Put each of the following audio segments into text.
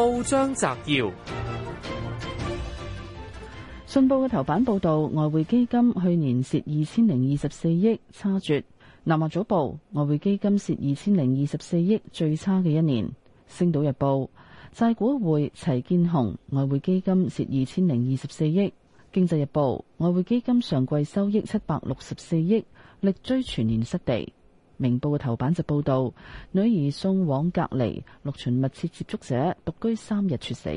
報章摘要：信報嘅頭版報道，外匯基金去年蝕二千零二十四億，差絕。南華早報：外匯基金蝕二千零二十四億，最差嘅一年。星島日報：債股匯齊見紅，外匯基金蝕二千零二十四億。經濟日報：外匯基金上季收益七百六十四億，力追全年失地。明報嘅頭版就報道，女兒送往隔離，六旬密切接觸者獨居三日猝死。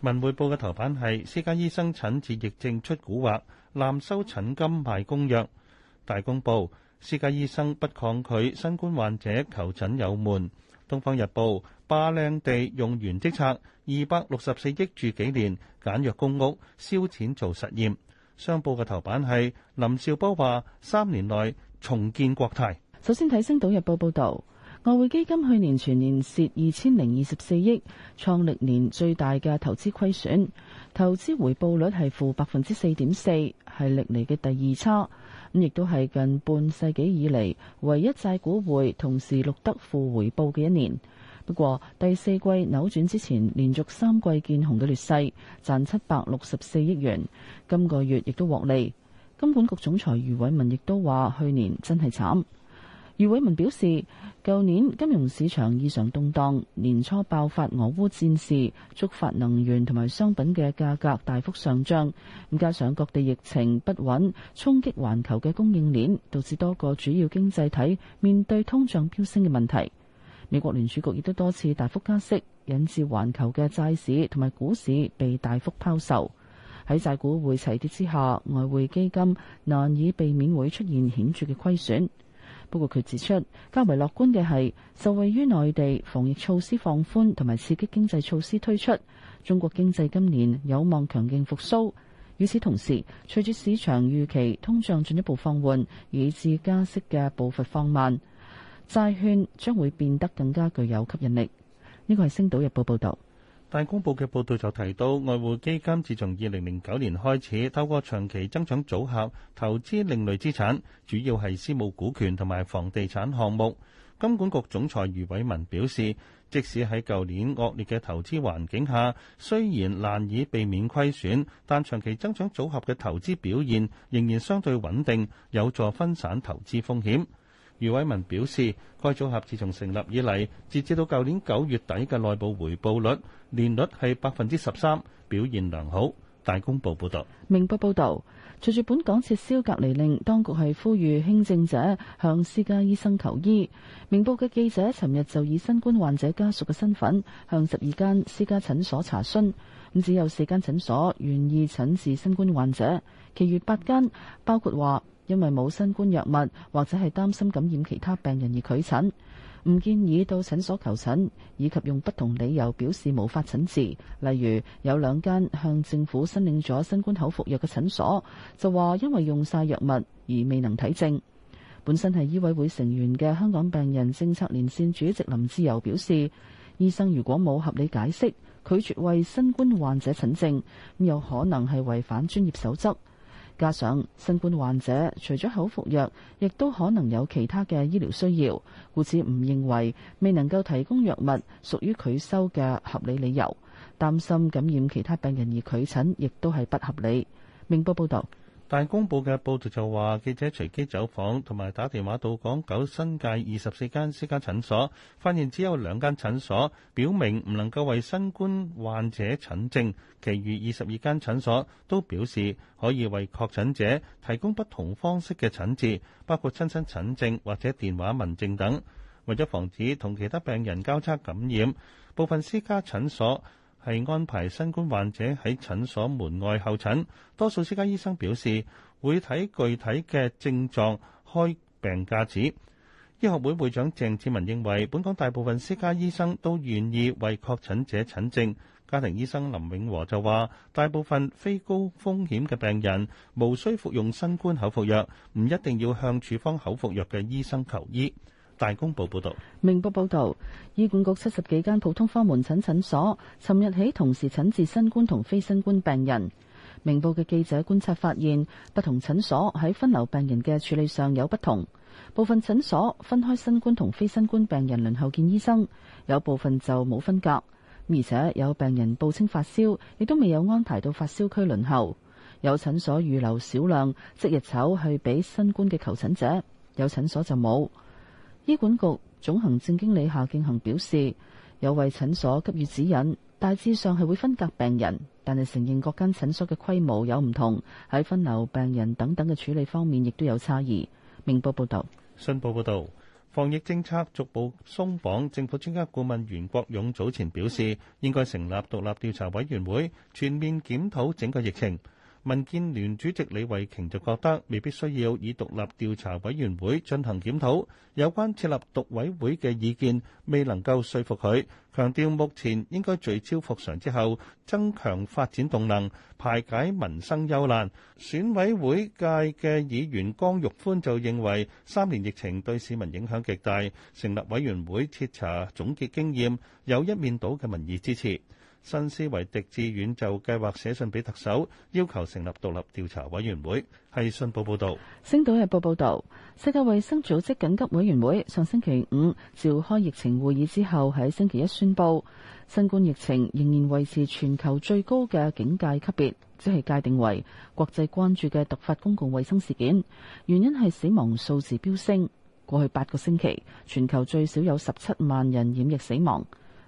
文匯報嘅頭版係私家醫生診治疫症出蠱惑，濫收診金賣公藥。大公報，私家醫生不抗拒新冠患者求診有門。東方日報，霸靚地用完即拆，二百六十四億，住幾年，簡約公屋，燒錢做實驗。商報嘅頭版係林紹波話三年內重建國泰。首先睇《星島日報》報道，外匯基金去年全年蝕二千零二十四億，創歷年最大嘅投資虧損，投資回報率係負百分之四點四，係歷來嘅第二差。咁亦都係近半世紀以嚟唯一債股匯同時錄得負回報嘅一年。不過第四季扭轉之前，連續三季見紅嘅劣勢，賺七百六十四億元。今個月亦都獲利。金管局總裁余偉文亦都話，去年真係慘。余偉文表示，舊年金融市場異常動盪，年初爆發俄烏戰事，觸發能源同埋商品嘅價格大幅上漲。咁加上各地疫情不穩，衝擊環球嘅供應鏈，導致多個主要經濟體面對通脹飆升嘅問題。美國聯儲局亦都多次大幅加息，引致環球嘅債市同埋股市被大幅拋售。喺債股匯齊跌之下，外匯基金難以避免會出現顯著嘅虧損。不過佢指出，較為樂觀嘅係受惠於內地防疫措施放寬同埋刺激經濟措施推出，中國經濟今年有望強勁復甦。與此同時，隨住市場預期通脹進一步放緩，以至加息嘅步伐放慢，債券將會變得更加具有吸引力。呢個係《星島日報》報道。大公報嘅報道就提到，外匯基金自從二零零九年開始透過長期增長組合投資另類資產，主要係私募股權同埋房地產項目。金管局總裁余偉文表示，即使喺舊年惡劣嘅投資環境下，雖然難以避免虧損，但長期增長組合嘅投資表現仍然相對穩定，有助分散投資風險。余偉文表示，該組合自從成立以嚟，截至到舊年九月底嘅內部回報率年率係百分之十三，表現良好。大公報報道，明報報道，隨住本港撤銷隔離令，當局係呼籲輕症者向私家醫生求醫。明報嘅記者尋日就以新冠患者家屬嘅身份，向十二間私家診所查詢，咁只有四間診所願意診治新冠患者，其餘八間包括話，因為冇新冠藥物，或者係擔心感染其他病人而拒診，唔建議到診所求診，以及用不同理由表示無法診治。例如有兩間向政府申領咗新冠口服藥嘅診所就話，因為用晒藥物而未能睇症。本身係醫委會成員嘅香港病人政策連線主席林志由表示，醫生如果冇合理解釋拒絕為新冠患者診症，咁有可能係違反專業守則。加上新冠患者除咗口服藥，亦都可能有其他嘅醫療需要，故此唔認為未能夠提供藥物屬於拒收嘅合理理由。擔心感染其他病人而拒診，亦都係不合理。明報報道。但公報嘅報導就話，記者隨機走訪同埋打電話到港九新界二十四間私家診所，發現只有兩間診所表明唔能夠為新冠患者診症，其餘二十二間診所都表示可以為確診者提供不同方式嘅診治，包括親身診症或者電話問症等。為咗防止同其他病人交叉感染，部分私家診所，係安排新冠患者喺診所門外候診，多數私家醫生表示會睇具體嘅症狀，開病假紙。醫學會會長鄭志文認為，本港大部分私家醫生都願意為確診者診症。家庭醫生林永和就話：大部分非高風險嘅病人，無需服用新冠口服藥，唔一定要向處方口服藥嘅醫生求醫。大公報報道，明報報道，醫管局七十幾間普通科門診診所，尋日起同時診治新冠同非新冠病人。明報嘅記者觀察發現，不同診所喺分流病人嘅處理上有不同。部分診所分開新冠同非新冠病人輪候見醫生，有部分就冇分隔。而且有病人報稱發燒，亦都未有安排到發燒區輪候。有診所預留少量即日籌去俾新冠嘅求診者，有診所就冇。醫管局總行政經理夏敬恒表示，有為診所給予指引，大致上係會分隔病人，但係承認各間診所嘅規模有唔同，喺分流病人等等嘅處理方面，亦都有差異。明報報道，信報報道，防疫政策逐步鬆綁。政府專家顧問袁國勇早前表示，應該成立獨立調查委員會，全面檢討整個疫情。民建聯主席李慧瓊就覺得未必需要以獨立調查委員會進行檢討，有關設立獨委會嘅意見未能夠說服佢，強調目前應該聚焦復常之後，增強發展動能，排解民生憂難。選委會界嘅議員江玉歡就認為，三年疫情對市民影響極大，成立委員會徹查總結經驗，有一面倒嘅民意支持。新思維狄志遠就計劃寫信俾特首，要求成立獨立調查委員會。係信報報道。星島日報報道，世界衛生組織緊急委員會上星期五召開疫情會議之後，喺星期一宣布，新冠疫情仍然維持全球最高嘅警戒級別，即係界定為國際關注嘅突發公共衛生事件。原因係死亡數字飆升，過去八個星期，全球最少有十七萬人染疫死亡。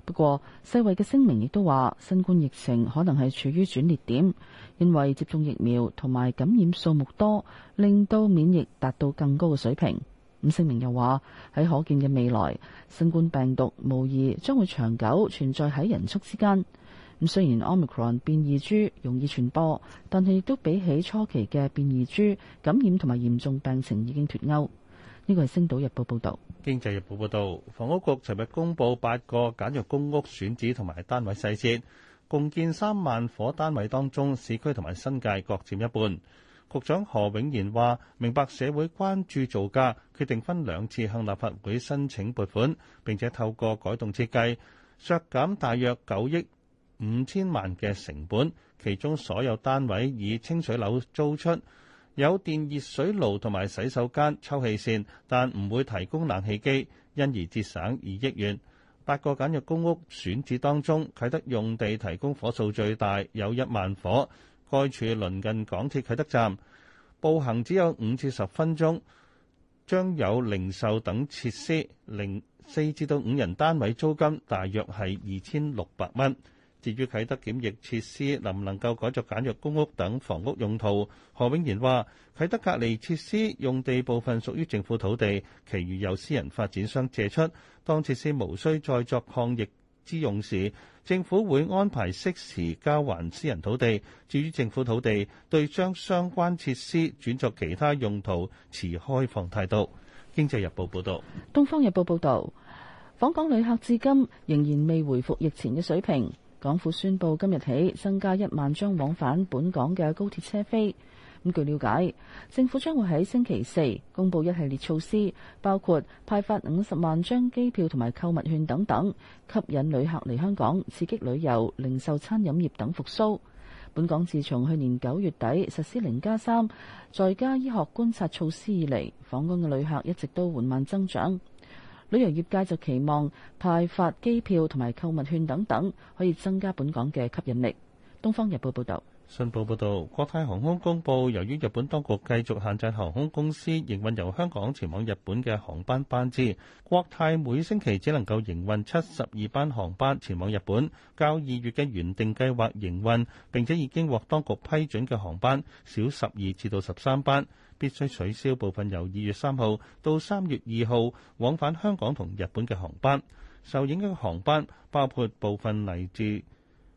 不過，世衛嘅聲明亦都話，新冠疫情可能係處於轉捩點，因為接種疫苗同埋感染數目多，令到免疫達到更高嘅水平。咁聲明又話，喺可見嘅未來，新冠病毒無疑將會長久存在喺人畜之間。咁雖然 Omicron 變異株容易傳播，但係亦都比起初期嘅變異株，感染同埋嚴重病情已經脱鈎。呢個係《星島日報》報道。經濟日報報導，房屋局尋日公布八個簡約公屋選址同埋單位細節，共建三萬伙單位，當中市區同埋新界各佔一半。局長何永賢話：明白社會關注造價，決定分兩次向立法會申請撥款，並且透過改動設計，削減大約九億五千萬嘅成本，其中所有單位以清水樓租出。有電熱水爐同埋洗手間抽氣扇，但唔會提供冷氣機，因而節省二億元。八個簡約公屋選址當中，啟德用地提供伙數最大，有一萬伙，該處鄰近港鐵啟德站，步行只有五至十分鐘，將有零售等設施，零四至到五人單位租金大約係二千六百蚊。至於啟德檢疫設施能唔能夠改作簡約公屋等房屋用途？何永賢話：啟德隔離設施用地部分屬於政府土地，其餘由私人發展商借出。當設施無需再作抗疫之用時，政府會安排適時交還私人土地。至於政府土地，對將相關設施轉作其他用途持開放態度。經濟日報報導，東方日報報導，訪港旅客至今仍然未回復疫前嘅水平。港府宣布今日起增加一萬張往返本港嘅高鐵車飛。咁據了解，政府將會喺星期四公布一系列措施，包括派發五十萬張機票同埋購物券等等，吸引旅客嚟香港，刺激旅遊、零售、餐飲業等復甦。本港自從去年九月底實施零加三、在家醫學觀察措施以嚟，訪港嘅旅客一直都緩慢增長。旅遊業界就期望派發機票同埋購物券等等，可以增加本港嘅吸引力。《東方日報，報》報道：「新報報道，國泰航空公布，由於日本當局繼續限制航空公司營運由香港前往日本嘅航班班次，國泰每星期只能夠營運七十二班航班前往日本，較二月嘅原定計劃營運，並且已經獲當局批准嘅航班少十二至到十三班。必須取消部分由二月三號到三月二號往返香港同日本嘅航班，受影響航班包括部分嚟自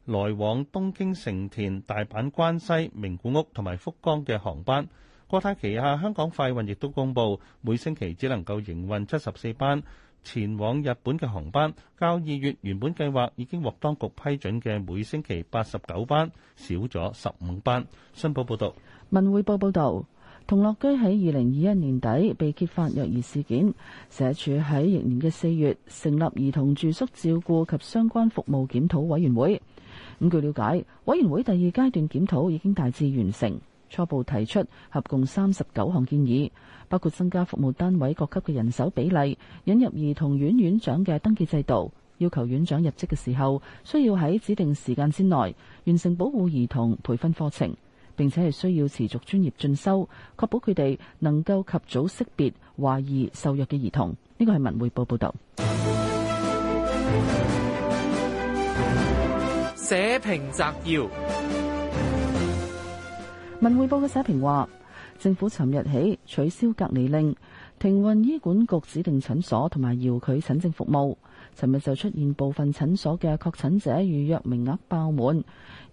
來往東京成田、大阪關西、名古屋同埋福岡嘅航班。國泰旗下香港快運亦都公佈，每星期只能夠營運七十四班前往日本嘅航班，較二月原本計劃已經獲當局批准嘅每星期八十九班，少咗十五班。新報報道。文匯報報道。同樂居喺二零二一年底被揭發虐兒事件，社署喺翌年嘅四月成立兒童住宿照顧及相關服務檢討委員會。咁據了解，委員會第二階段檢討已經大致完成，初步提出合共三十九項建議，包括增加服務單位各級嘅人手比例，引入兒童院院長嘅登記制度，要求院長入職嘅時候需要喺指定時間之內完成保護兒童培訓課程。並且係需要持續專業進修，確保佢哋能夠及早識別懷疑受虐嘅兒童。呢個係文匯報報導。社評摘要：文匯報嘅社評話，政府尋日起取消隔離令，停運醫管局指定診所同埋遙距診症服務。尋日就出現部分診所嘅確診者預約名額爆滿，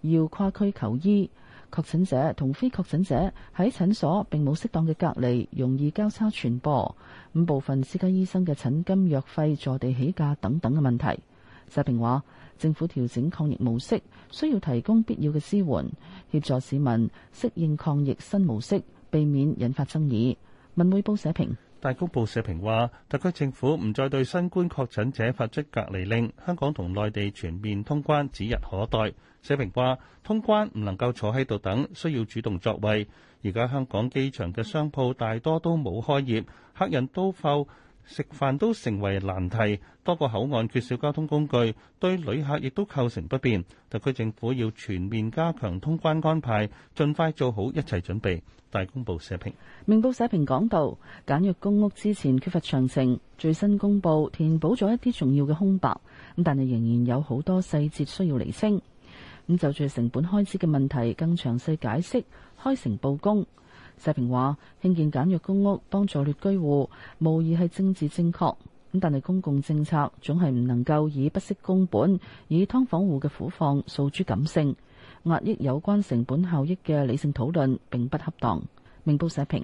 要跨區求醫。確診者同非確診者喺診所並冇適當嘅隔離，容易交叉傳播。五部分私家醫生嘅診金、藥費、坐地起價等等嘅問題。社評話，政府調整抗疫模式需要提供必要嘅支援，協助市民適應抗疫新模式，避免引發爭議。文匯報社評。大公報社評話，特區政府唔再對新冠確診者發出隔離令，香港同內地全面通關指日可待。社評話，通關唔能夠坐喺度等，需要主動作為。而家香港機場嘅商鋪大多都冇開業，客人都浮。食飯都成為難題，多個口岸缺少交通工具，對旅客亦都構成不便。特區政府要全面加強通關安排，盡快做好一切準備。大公報社評。明報社評講到：簡約公屋之前缺乏詳情，最新公佈填補咗一啲重要嘅空白，咁但係仍然有好多細節需要釐清。咁就住成本開支嘅問題，更詳細解釋，開誠布公。社評話，興建簡約公屋幫助劣居戶，無疑係政治正確。咁但係公共政策總係唔能夠以不惜工本，以劏房戶嘅苦況訴諸感性，壓抑有關成本效益嘅理性討論，並不恰當。明報社評。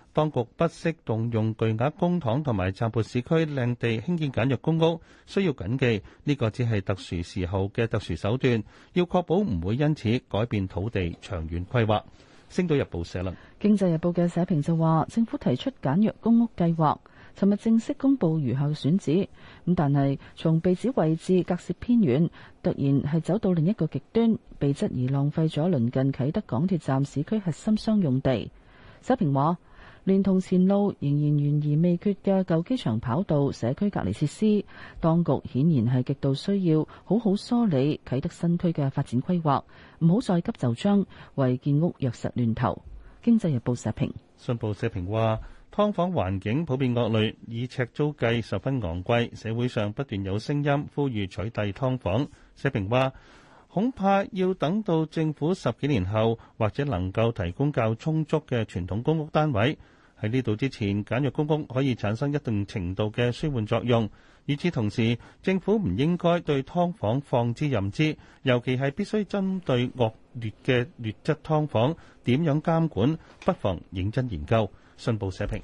當局不惜動用巨額公帑同埋暫撥市區靚地興建簡約公屋，需要謹記呢、這個只係特殊時候嘅特殊手段，要確保唔會因此改變土地長遠規劃。星島日報社論，經濟日報嘅社評就話：政府提出簡約公屋計劃，尋日正式公佈餘下選址，咁但係從被指位置隔涉偏遠，突然係走到另一個極端，被質疑浪費咗鄰近，近啟德港鐵站市區核心商用地。社評話。連同前路仍然懸疑未決嘅舊機場跑道、社區隔離設施，當局顯然係極度需要好好梳理啟德新區嘅發展規劃，唔好再急就將為建屋若實亂投。《經濟日報社評》社評，信報社評話：湯房環境普遍惡劣，以尺租計十分昂貴，社會上不斷有聲音呼籲取代湯房。社評話。恐怕要等到政府十幾年後，或者能夠提供較充足嘅傳統公屋單位喺呢度之前，簡約公屋可以產生一定程度嘅舒緩作用。與此同時，政府唔應該對㓥房放之任之，尤其係必須針對惡劣嘅劣質㓥房點樣監管，不妨認真研究。信報社評。